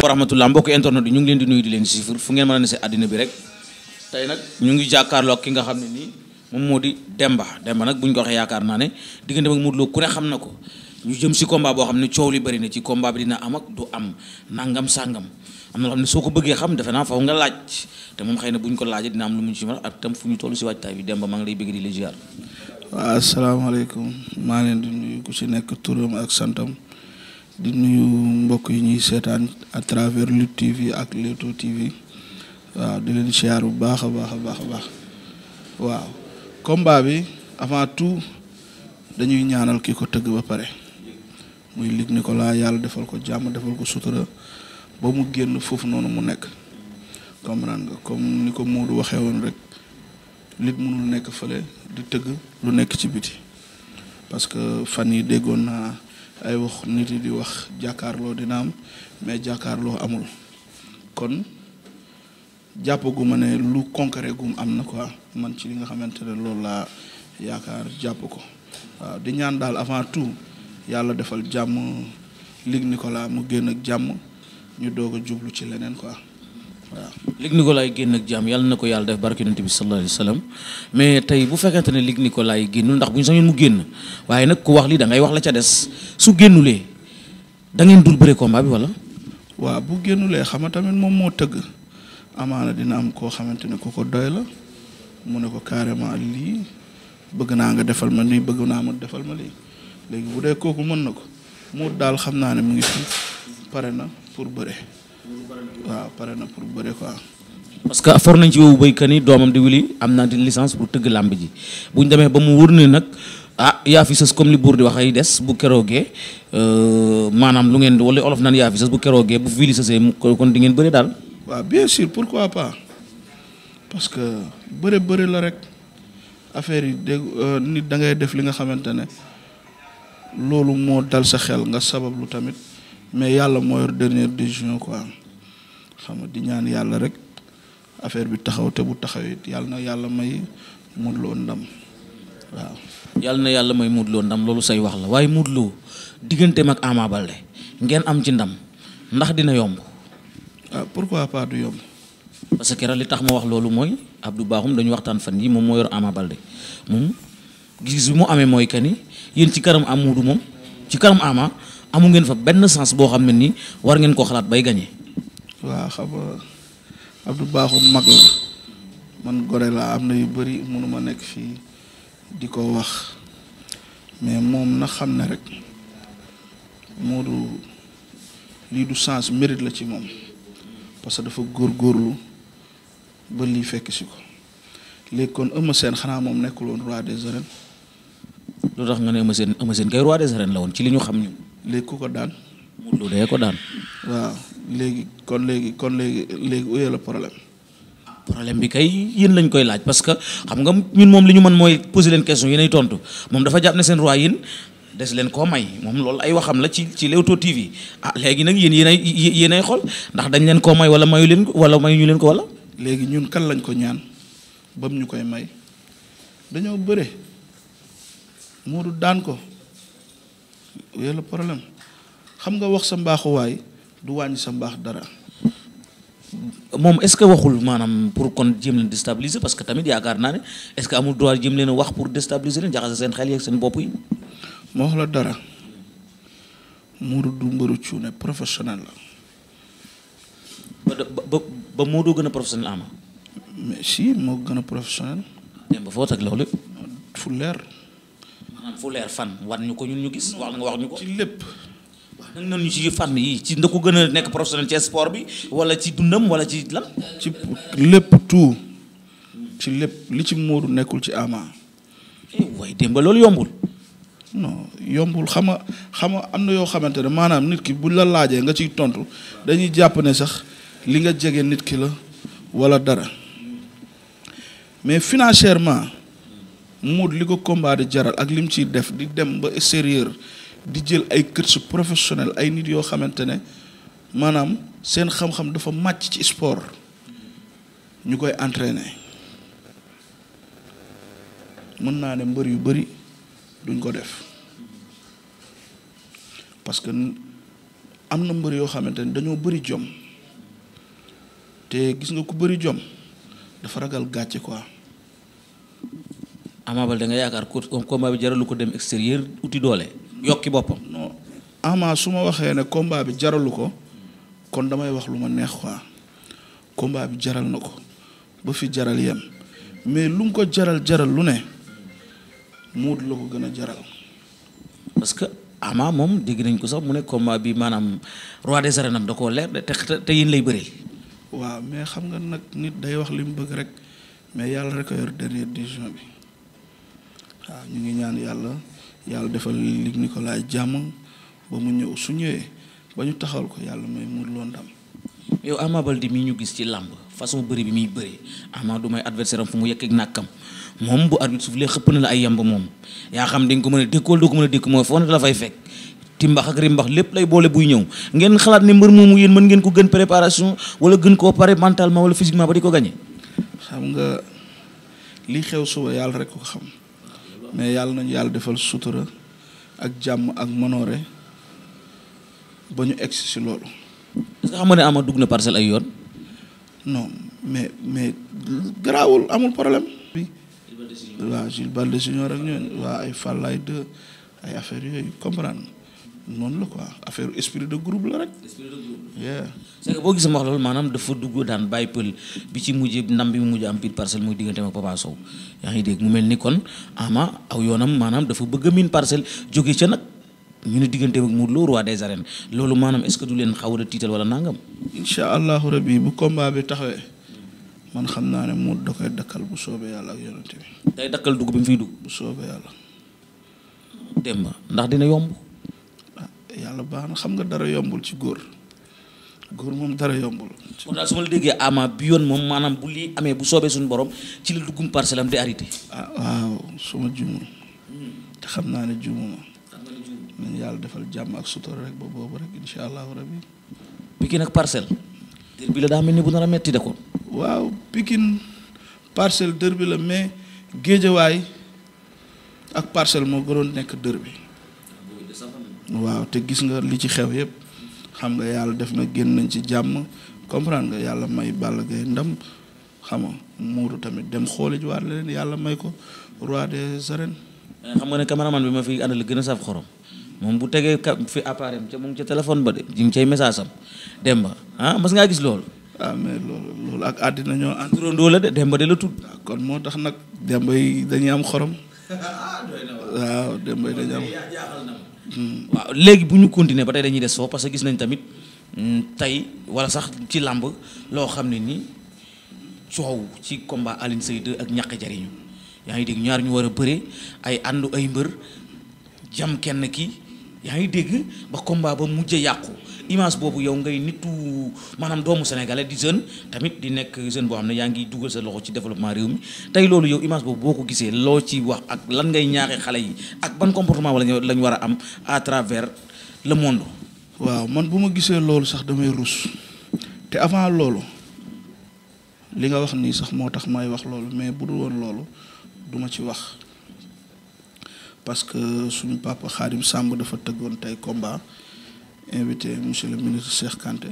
wa rahmatullah mbokk internet yi ñu ngi leen di nuyu di leen siifur fu ngeen mën a ne si àddina bi rek tey nag ñu ngi jàkkaarloo ak ki nga xam ne nii moom moo di Demba Demba nag bu ñu ko waxee yaakaar naa ne diggante ak Modou Lo ku ne na ko ñu jëm si combat boo xam ne coow li bëri na ci combat bi dina am ak du am nangam sàngam am na xam ne soo ko bëggee xam defe naa faw nga laaj te moom xëy na ko laajee dina am lu mu ci mën ak tam fu ñu toll si waajtaay bi Demba maa ngi lay bëgg di la ziar. waaw asalaamaaleykum maa ngi leen di nuyu ku si nekk turam ak santam di nuyu mbokk yi ñuy seetaan à travers Lutte TV ak Leewtoo TV waaw di leen siyaar bu baax a baax a baax a baax waaw combat bi avant tout dañuy ñaanal ki ko tëgg ba pare muy ni ko laa yàlla defal ko jàmm defal ko sutura ba mu génn foofu noonu mu nekk comprendre nga comme ni ko Modou waxee woon rek Luc mënul nekk fële di tëgg lu nekk ci biti parce que fan yi déggoon naa ay wax nit yi di wax jàkkaarloo dina am mais jàkkaarloo amul kon jàppaguma ne lu concret gum am na quoi man ci li nga xamante ne loolu laa yaakaar jàpp ko waaw di ñaan daal avant tout yàlla defal jàmm ni ko laa mu génn ak jàmm ñu doog a jublu ci leneen quoi. waaw Luc Nicolaï génn ak jaam yàlla na ko yàlla def barke yonent bi sa alayhi wa sallam mais tey bu fekkente ne Luc Nicolaï génnul ndax bu ñu sañoon mu génn waaye nag ku wax lii da ngay wax la ca des su génnulee da ngeen dul bëre combat bi wala. waaw bu génnulee xam nga tamit moom moo tëgg amaana dina am koo xamante ne ku ko doy la mu ne ko carrément lii bëgg naa nga defal ma nii bëgg naa ma defal ma lii léegi bu dee kooku mën na ko mu daal xam naa ne mu ngi fi pare na pour bëre. waaw pare na pour bëre quoi. parce que for nañ ci woowu béykat yi doomam di wili am na di licence pour tëgg làmb ji bu ñu demee ba mu wër ne nag ah yaa fi sës comme li buur di wax ay des bu keroogee euh, maanaam lu ngeen di wala olof naan yaa fi sës bu keroogee bu wili sësee kon di ngeen bëre daal. waaw bien pour pourquoi pas parce que bëre bëre la rek affaire yi dégg euh, nit da ngay def li nga xamante ne loolu moo dal sa xel nga sabablu tamit. mais yàlla mooy yor dernière décision quoi xam nga di ñaan yàlla rek affaire bi taxaw te bu taxaw yàlla na yàlla may Modou ndam waaw. yàlla na yàlla may Modou ndam loolu say wax la waaye Modou Lo digganteem ak Ama Baldé ngeen am ci ndam ndax dina yomb. ah pourquoi pas du yomb. parce que li tax ma wax loolu mooy ab du baaxum dañu waxtaan fan yi moom moo yor Ama mooy que ni yéen ci kanam am Modou moom ci kanam Ama. amu ngeen fa benn sens boo xam ne nii war ngeen koo xalaat bay gañe waaw xam nga Abdou Bakhoum mag la man gore laa am na yu bëri mënuma nekk fii di ko wax mais moom na xam ne rek moo du lii du sens mérite la ci moom parce que dafa góorgóorlu ba lii fekk si ko léegi kon Eumeu seen xanaa moom nekkul woon roi des arènes. lu tax nga ne Eumeu Sène Eumeu Sène kay roi des arènes la woon ci li ñu xam ñun. léegi ku ko daan. Modou Lo dee ko daan. waaw léegi kon léegi kon léegi léegi uyee la problème. problème bi kay yéen lañ koy laaj parce que xam nga ñun moom li ñu mën mooy poser leen question yéenay tontu moom dafa jàpp ne seen roi yéen des leen koo may moom loolu ay waxam la ci ci Leewtoo TV ah léegi nag yéen yéenay yéenay xool ndax dañ leen koo may wala mayu leen ko wala mayu ñu leen ko wala. léegi ñun kan lañ ko ñaan bam ñu koy may dañoo bëre Modou daan ko. yooyu problème xam nga wax sa mbaaxuwaay du wàññi sa mbaax dara. moom est-ce que waxul maanaam pour kon jëm leen déstabiliser parce que tamit yaakaar naa ne est-ce que amul droit jëm leen wax pour déstabiliser leen jaxase seen xel yeeg seen bopp yi. ma wax la dara Modou du mbëru cuune professionnel la. ba ba ba Modou gën a professionnel ama mais moo gën a professionnel. dem ba foo teg fu leer. maanaam fu leer fan war ñu ko ñun ñu gis wax nga wax ñu ko. ci lépp. waaw nan ñu ci fànn yi ci nda gën a nekk professionnel ci sport bi wala ci dundam wala ci lan. ci lépp tout. ci lépp li ci Modou nekkul ci Ama. Eh, waaye démb loolu yombul. non yombul xama nga xam nga am na yoo xamante ne maanaam nit ki buñ la laajee nga ciy tontu dañuy jàpp ne sax li nga jege nit ki la wala dara mais financièrement. Modou li ko combat jaral ak lim ciy def di dem ba extérieur di jël ay kër professionnel ay nit yoo xamante ne maanaam seen xam-xam dafa màcc ci sport ñu koy entraîner mën naa ne mbër yu bëri duñ ko def parce que am na mbër yoo xamante ne dañoo bëri jom te gis nga ku bëri jom dafa ragal gàcce quoi. Ama Baldé da nga yaakaar combat bi jaralu ko dem extérieur uti doole yokki boppam. non Ama su ma waxee ne combat bi jaralu ko kon damay wax lu ma neex quoi combat bi jaral na ko ba fi jaral yam mais lu mu ko jaral jaral lu ne Modou la ko gën a jaral. parce que Ama moom dégg nañ ko sax mu ne combat bi maanaam roi des arènes da koo leer te te lay bëree. waa mais xam nga nag nit day wax li mu bëgg rek mais yàlla rek a yor dernière décision bi. waaw ñu ngi ñaan yàlla yàlla defal ko Nicolaï jàmm ba mu ñëw su ñëwee ba ñu taxawal ko yàlla may Modou Lo ndam. yow Ama Baldé mi ñu gis ci làmb façon bëri bi muy bëri Ama du may adversaire am fu mu yekk ak nàkkam moom bu arbitre suuf lee xëpp na la ay yamb moom yaa xam dañ ko mën a dékkool doo ko mën a dékk mooy foo na la fay fekk timbax ak rimbax lépp lay boole buy ñëw ngeen xalaat ni mbër moom yéen mën ngeen ko gën préparation wala gën koo pare mentalement wala physiquement ko gagné. xam nga li xew suba yàlla rek ko xam. mais yàlla nañ yàlla defal sutura ak jàmm ak monoore ba ñu egsi si loolu. est-ce que xam nga ne Ama dugg na parcelle ay yoon. no mais mais garaawul amul problème. waaw Jules Balde Junior ak ñooñu waa ay Fallaye 2 ay affaire yooyu comprendre noonu la quoi affaire esprit de groupe la rek. esprit de groupe yeah. wax loolu maanaam dafa dugg daan bàyyi pël bi ci mujj ndam bi mu mujj am biir parcelle muy diggante ak Papa Sow yaa ngi dégg mu mel ni kon ama aw yoonam maanaam dafa bëgg a miin parcelle jóge ca nag ñu ne diggante ak mu Lo waa des arènes loolu maanaam est-ce que du leen xaw a tiital wala nangam. incha allahu rabi bu combat bi taxawee man xam naa ne Modou da koy dakkal bu soobee yàlla ak yonent day dakkal dugg bi mu fiy dugg. bu soobee yàlla. ndax dina yomb. yàlla baax xam nga dara yombul ci góor góor moom dara yombul. kon daal su ma la déggee Ama bi yoon moom maanaam bu lii amee bu soobee suñu borom ci la duggum parcelle am di arrêté. Ah, waaw su ma juumul naa ne juumu yàlla defal jàmm ak la daa mel ni bu nar a metti de ko. waaw Pikine parcelle dër bi la mais géejawaay ak parcelle moo gënoon nekk dër bi. waaw te gis nga li ci xew yëpp xam nga yàlla def na génn nañ ci jàmm comprendre nga yàlla may Balla Gaye ndam xam nga muuru tamit dem xooli ji waat leen yàlla may ko roi des arènes. Eh, xam nga ne cameraman bi ma fi la gën a saf xorom moom bu tegee fi appareil ca moom ca téléphone ba de ji ngi cay message am dem ba ah mas ngaa gis lool ah mais loolu loolu ak àddina ñoo àndurandoo la de Demba de la tudd. Ah, kon moo tax nag Demba yi dañuy am xorom. Ah, waaw Demba yi waaw léegi bu ñu continuer ba tey dañuy des foofu parce que gis nañ tamit mm, tey wala sax ci làmb loo xam ne nii coow ci combat Alioune Seye 2 ak ñaq jariñu yaa ngi dégg ñaar ñu war a bëre ay àndu ay mbër jam kenn ki yaa ngi dégg ba combat ba mujj yàqu image boobu yow ngay nitu maanaam doomu sénégalais di jeune tamit di nekk jeune boo xam ne yaa ngi dugal sa loxo ci développement réew mi tey loolu yow image boobu boo ko gisee loo ci wax ak lan ngay ñaaxi xale yi ak ban comportement wala la ñu war a am à travers le monde waaw man bu ma gisee loolu sax damay rus te avant loolu li nga wax nii sax moo tax may wax loolu mais bu dul woon loolu duma ci wax parce que suñu papa Xaadim Samb dafa tëggoon tey combat invité monsieur le ministre Cheikh Kanté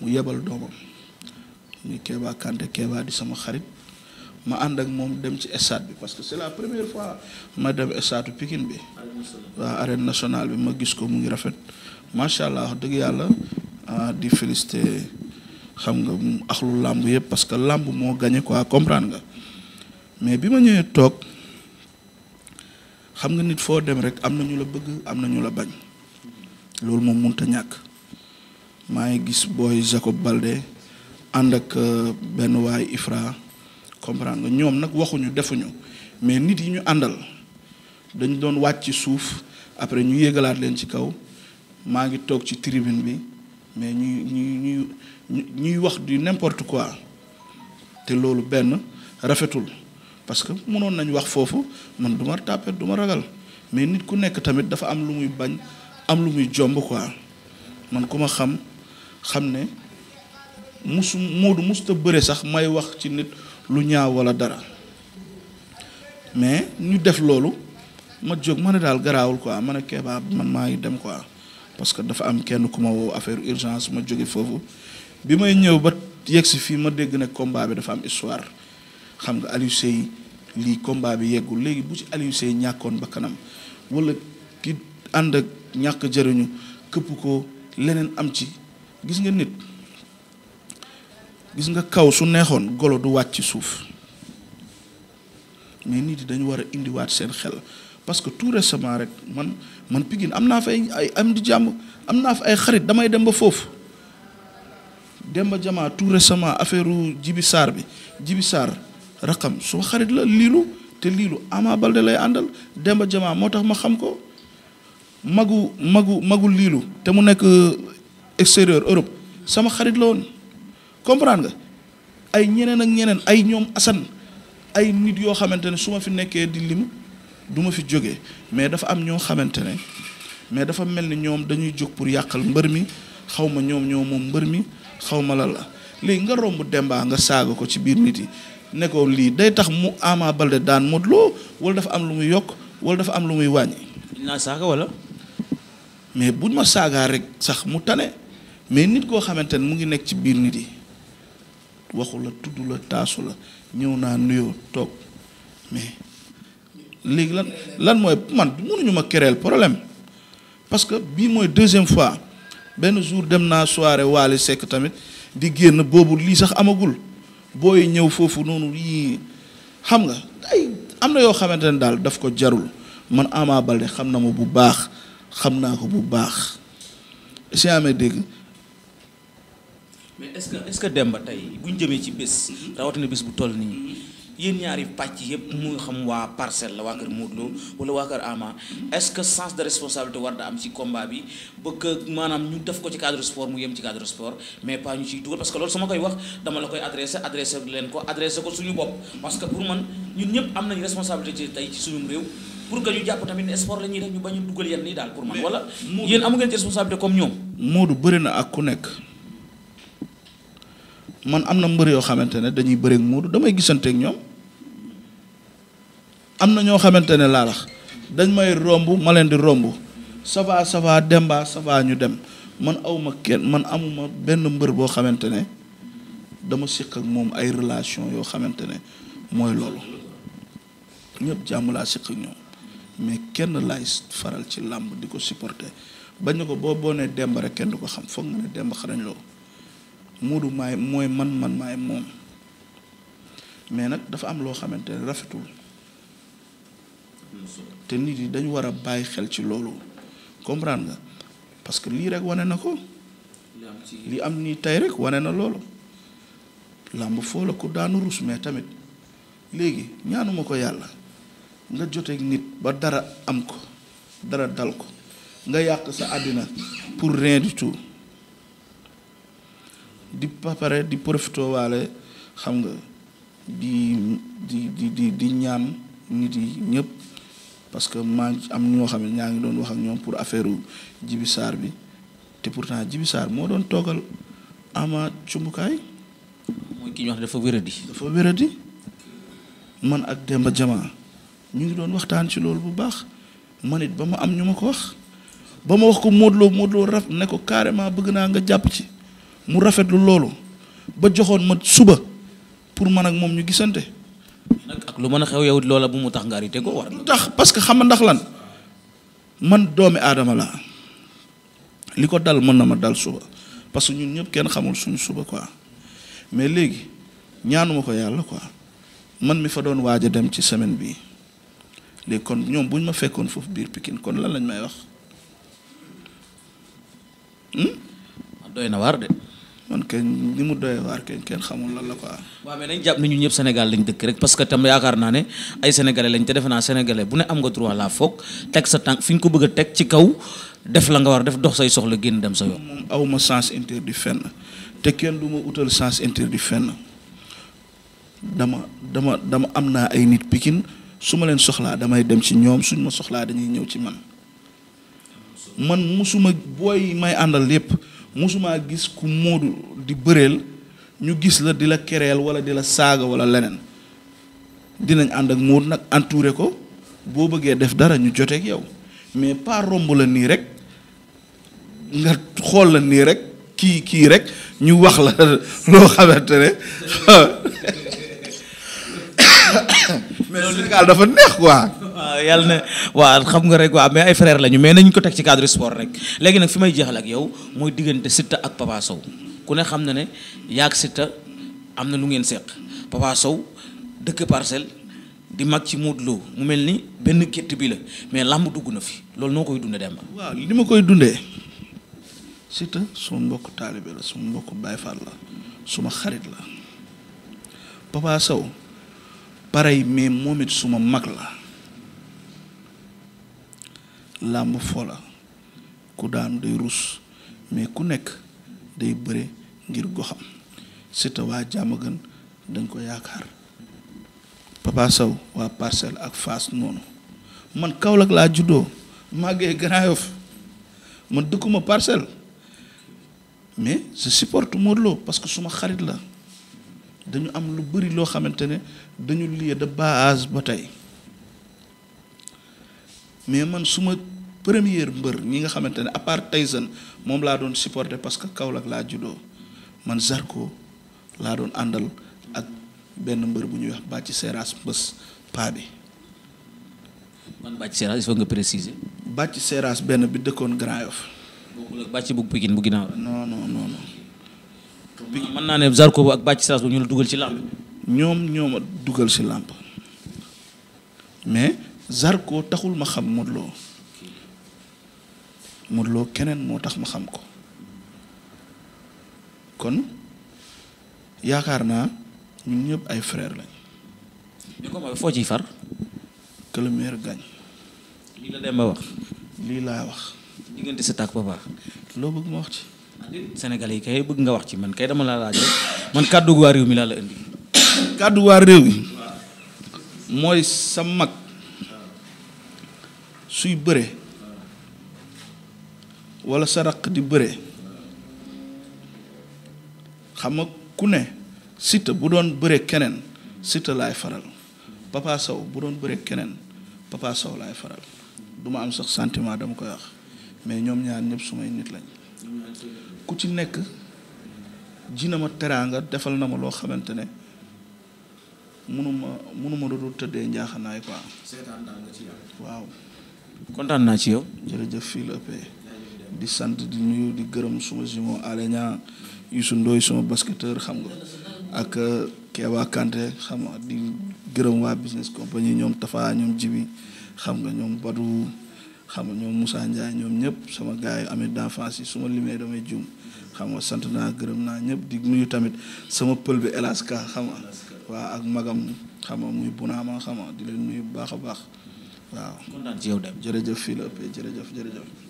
mu yebal doomam ñu Kéba Kanté Kéba di sama xarit ma ànd ak moom dem ci stade bi parce que c'est la première fois ma dem stade Pikine bi waa nationale bi ma gis ko mu ngi rafet macha allah wax dëgg yàlla ah, di féliciter xam nga axlu làmb yëpp parce que làmb moo ko quoi comprendre nga mais bi ma ñëwee toog xam nga nit foo dem rek am na ñu la bëgg am na ñu la bañ. loolu moom mënut a ñàkk maa ngi gis booy Jacob Balde ànd ak euh, benn waay Ifra comprendre nga ñoom nag waxuñu defuñu mais nit yi ñu àndal dañu doon wàcc ci suuf après ñu yégalaat leen ci kaw maa ngi toog ci tribune bi mais ñuy ñuy ñuy ñuy wax du n'importe quoi te loolu benn rafetul parce que mënoon nañ wax foofu man duma ma tàppet du ma ragal mais nit ku nekk tamit dafa am lu muy bañ am lu muy jomb quoi man ku ma xam xam ne musu Moodu musuta bëre sax may wax ci nit lu ñaaw wala dara mais ñu def loolu ma jóg ma ne daal garaawul quoi ma ne Kéba man maa ngi dem quoi parce que dafa am kenn ku ma woo affaire urgence ma jóge foofu bi may ñëw ba yegg si fii ma dégg ne combat bi dafa am histoire xam nga Aliou Seye lii combat bi yeggul léegi bu ci Aliou Seye ñàkkoon ba kanam wala ki ànd ñàkk jëriñu këppu ko leneen am ci gis nga nit gis nga kaw su neexoon golo du wàcc ci suuf mais nit yi dañu war a indiwaat seen xel parce que tout récemment rek man man Pikine am naa fa ay am di jàmm am naa fa ay xarit damay dem ba foofu dem ba jamaa tout récemment affaire Jibi Sarr bi Jibi Sarr raqam suma xarit la liilu te liilu Ama Baldé lay àndal dem ba jamaa moo tax ma xam ko magu magu magu liilu te mu nekk euh, extérieur Europe sama xarit la woon comprendre nga ay ñeneen ak ñeneen ay ñoom Assane ay nit yoo xamante ne su ma fi nekkee di lim du ma fi jóge mais dafa am ñoo xamante ne mais dafa mel ni ñoom dañuy jóg pour yàqal mbër mi xaw ma ñoom ñoo moom mbër mi xaw ma la la léegi nga romb Demba nga saaga ko ci biir nit yi ne lii day tax mu Ama Baldé daan Modou Lo wala dafa am lu muy yokk wala dafa am lu muy wàññi. dinaa wala. mais buñ ma saagaa rek sax mu tane mais nit koo xamante ne mu ngi nekk ci biir nit yi waxula la tudd la taasu la ñëw naa nuyoo toog mais léegi lan lan mooy man mënuñu ma kereel problème parce que bii mooy deuxième fois benn jour dem naa soirée Waly Seck tamit di génn boobu lii sax amagul booy ñëw foofu noonu yii xam nga ay am na yoo xamante ne daal daf ko jarul man Ama Baldé xam na ma bu baax xam naa ko bu baax si amee dégg. mais est-ce que est-ce que Demba tey bu ñu jëmee ci bés rawatina bés bu toll nii yéen ñaari pàcc yëpp mu xam waa parcel la waa kër Modou Lo wala waa kër Ama est-ce que sens de responsabilité war da am ci combat bi ba que maanaam ñu def ko ci cadre sport mu yem ci cadre sport mais pas ñu ciy dugal parce que loolu sama koy wax dama la koy adressé adressé leen ko adressé ko suñu bopp parce que pour man ñun ñëpp am nañ responsabilité tey suñu réew. pour que ñu jàpp tamit ne sport la ñuy def ñu bañ a dugal yenn yi daal pour man wala yéen amu ngeen ci responsabilité comme ñoom. Moodu bëri na ak ku nekk man am na mbër yoo xamante ne dañuy bëri ak damay gisanteeg ñoom am na ñoo xamante ne laa lax dañ may romb ma leen di romb ça va ça va ñu dem man awma kenn man amuma benn mbër boo xamante ne dama siq ak moom ay relation yoo xamante ne mooy loolu ñëpp jàmm laa siq ak ñoom. mais kenn laay faral ci làmb di ko supporter bañ na ko boo boonee demb rek kenn du ko xam foog nga ne demb xarañ loo muudu maay mooy man man maay moom mais nag dafa am loo xamante ne rafetul te nit yi dañu war a bàyyi xel ci loolu comprend nga parce que lii rek wane na ko lii am nii tey rek wane na loolu làmb foo la ko daanu rus mais tamit léegi ñaanuma ko yàlla nga joteeg nit ba dara am ko dara dal ko nga yàq sa àddina pour rien du tout di papare di profito waale xam nga di di di di di ñaan nit yi ñëpp parce que maa am ñoo xam ne ñaa ngi doon wax ak ñoom pour affaire Jibi Sarr bi te pourtant Jibi Sarr moo doon toogal ama cumbukaay mooy ki ñu wax dafa wéradi dafa wéradi man ak Demba Jama ñu ngi doon waxtaan ci loolu bu baax man it ba ma am ñu ma ko wax ba ma wax ko mootloo mootloo Modou ne ko carrément bëgg naa nga jàpp ci mu rafetlu loolu ba joxoon ma suba pour man ak moom ñu gisante. nag ak lu mën a xew yow loola bu mu tax nga te ko war. tax parce que xam nga ndax lan man doomi aadama la li ko dal mën na ma dal suba parce que ñun ñëpp kenn xamul suñu suba quoi mais léegi ñaanuma ko yàlla quoi man mi fa doon waaj a dem ci semaine bii. léegi kon ñoom bu ñu ma fekkoon foofu biir Pikine kon lan lañ may wax. Hmm? Ah, doy na waar de. man kenn li mu doy waar kenn kenn xamul lan la ko waaw mais nañ jàpp ni ñu ñëpp Sénégal lañ dëkk rek parce que tam yaakaar naa ne ay sénégalais lañ te defe naa sénégalais bu ne am nga droit laa foog teg sa tànk fi ñu ko bëgg a teg ci kaw def la nga war def dox say soxla génn dem sa yoon. moom aw ma sens interdit fenn te kenn du ma utal sens interdit fenn dama dama dama am naa ay nit Pikine. su ma leen soxlaa damay dem ci ñoom suñ ma soxlaa dañuy ñëw ci man man musuma booy may àndal yépp musumaa gis ku moodu di bëreel ñu gis la di la kereel wala di la saaga wala leneen dinañ ànd ak moodu nag entouré ko boo bëggee def dara ñu joteeg yow mais pas romb la nii rek nga xool la nii rek kii kii rek ñu wax la loo xamante ne Sénégal dafa neex quoi. waaw ah, yàlla na waaw xam nga rek waa mais ay frère lañu mais nañ ko teg ci cadre sport rek léegi nag fi may jeexal ak yow mooy diggante Siteu ak Papa Sow ku ne xam na ne yaag Siteu am na lu ngeen seq Papa Sow dëkk parcelle di mag ci Modou Lo mu mel ni benn gétt bi la mais làmb dugg na fi loolu noo koy dundee dem ba. waaw li ma koy dundee Siteu suma mbokk taalibe la suma mbokk Baay Faal la suma xarit la pareil mais moom it suma mag la làmb fola ku daan day rus mais ku nekk day bëre ngir goxam Siteu waa Diamaguène dañ ko yaakaar Papa Sow waa Parcelles ak fas noonu man Kaolack laa juddoo màggee Grand Yoff man dëkkuma Parcelles mais je supporte Modou Lo parce que suma xarit la dañu am lu bëri loo xamante ne dañu lié de base ba tey mais man suma première mbër ñi nga xamante ne à part Tyson moom laa doon supporter parce que Kaolack laa juddoo man Zarko laa doon àndal ak benn mbër bu ñuy wax Bàcci Seras mbës paa bi. man Bàcci Seras il faut nga préciser. benn bi dëkkoon Grand Yoff. bokkul ak Bàcci bu Pikine bu ginnaaw. non non non non. mën naa ne Zarko ak Bathie Seras ñu la dugal ci làmb ñoom ñoo ma dugal ci làmb mais Zarko taxul ma xam Modou Lo keneen moo tax ma xam ko kon yaakaar naa ñun ñëpp ay frère lañ. mais comment foo ciy far. que le meilleur gagne. lii la dem ba wax. lii laa wax. diggante sa tàkk papa. loo bëgg ma wax ci. Sénégalais yi kay bëgg nga wax ci man kay dama la laaj man kàddu waa réew mi laa la indi. kàddu waa réew yi mooy sa mag suy bëre wala sa raq di bëre xam nga ku ne Siteu bu doon bëre keneen Siteu laay faral Papa Sow bu doon bëre keneen Papa Sow laay faral duma am sax sentiment dama koy wax mais ñoom ñaar ñëpp sumay nit lañ. ku ci nekk ji na ma teraanga defal na ma loo xamante ne mënuma munuma dootul tëddee njaaxanaay quoi. seetaan naa nga ci yow. waaw. kontaan naa ci yow. jërëjëf fii la ëppee di sant di nuyu di gërëm suma jumeau Alenia Youssou Ndoye suma basketteur xam nga ak euh, Kéba Kanté xam nga di gërëm waa business compagnie ñoom Tafa ñoom Jibi xam nga ñoom Badou. xam nga ñoom Moussa Ndiaye ñoom ñëpp sama gars yi amee d'enfance yi su ma limee damay juum xam nga sant naa gërëm naa ñëpp di nuyu tamit sama pël bi Elaska xam nga waaw ak magam xam nga muy bunaama xam di leen nuyu bu baax a baax waaw. kontaan ci yow dem jërëjëf fii la ëppee jërëjëf jërëjëf.